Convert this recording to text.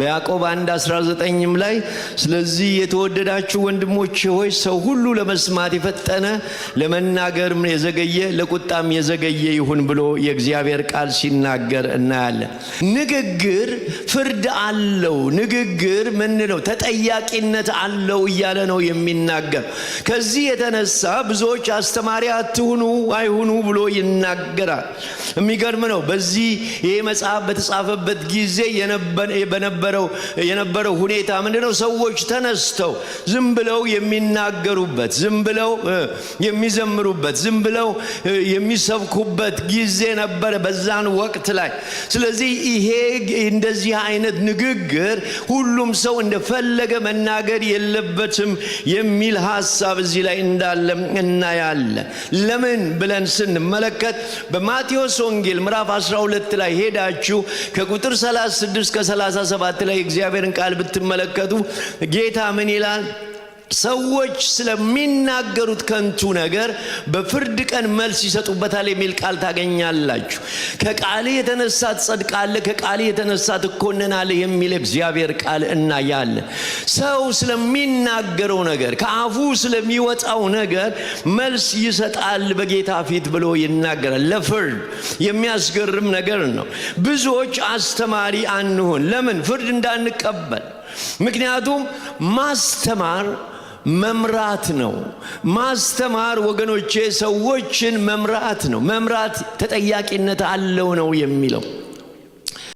በያዕቆብ 19 ም ላይ ስለዚህ የተወደዳችሁ ወንድሞች ሆይ ሰው ሁሉ ለመስማት የፈጠነ ለመናገርም የዘገየ ለቁጣም የዘገየ ይሁን ብሎ የእግዚአብሔር ቃል ሲናገር እናያለን። ንግግር ፍርድ አለው። ንግግር ምን ነው? ተጠያቂነት አለው እያለ ነው የሚናገር። ከዚህ የተነሳ ብዙዎች አስተማሪ አትሁኑ አይሁኑ ብሎ ይናገራል። የሚገርም ነው። በዚህ ይህ መጽሐፍ በተጻፈበት ጊዜ በነበ የነበረው የነበረው ሁኔታ ምንድነው? ሰዎች ተነስተው ዝም ብለው የሚናገሩበት፣ ዝም ብለው የሚዘምሩበት፣ ዝም ብለው የሚሰብኩበት ጊዜ ነበረ በዛን ወቅት ላይ። ስለዚህ ይሄ እንደዚህ አይነት ንግግር ሁሉም ሰው እንደፈለገ መናገር የለበትም የሚል ሀሳብ እዚህ ላይ እንዳለ እናያለን። ለምን ብለን ስንመለከት በማቴዎስ ወንጌል ምዕራፍ 12 ላይ ሄዳችሁ ከቁጥር 36 ከ37 14 ላይ እግዚአብሔርን ቃል ብትመለከቱ ጌታ ምን ይላል? ሰዎች ስለሚናገሩት ከንቱ ነገር በፍርድ ቀን መልስ ይሰጡበታል የሚል ቃል ታገኛላችሁ። ከቃል የተነሳ ትጸድቃለህ፣ ከቃል የተነሳ ትኮንናለህ የሚል እግዚአብሔር ቃል እናያለን። ሰው ስለሚናገረው ነገር ከአፉ ስለሚወጣው ነገር መልስ ይሰጣል በጌታ ፊት ብሎ ይናገራል። ለፍርድ የሚያስገርም ነገር ነው። ብዙዎች አስተማሪ አንሆን ለምን ፍርድ እንዳንቀበል ምክንያቱም ማስተማር መምራት ነው። ማስተማር ወገኖቼ ሰዎችን መምራት ነው። መምራት ተጠያቂነት አለው ነው የሚለው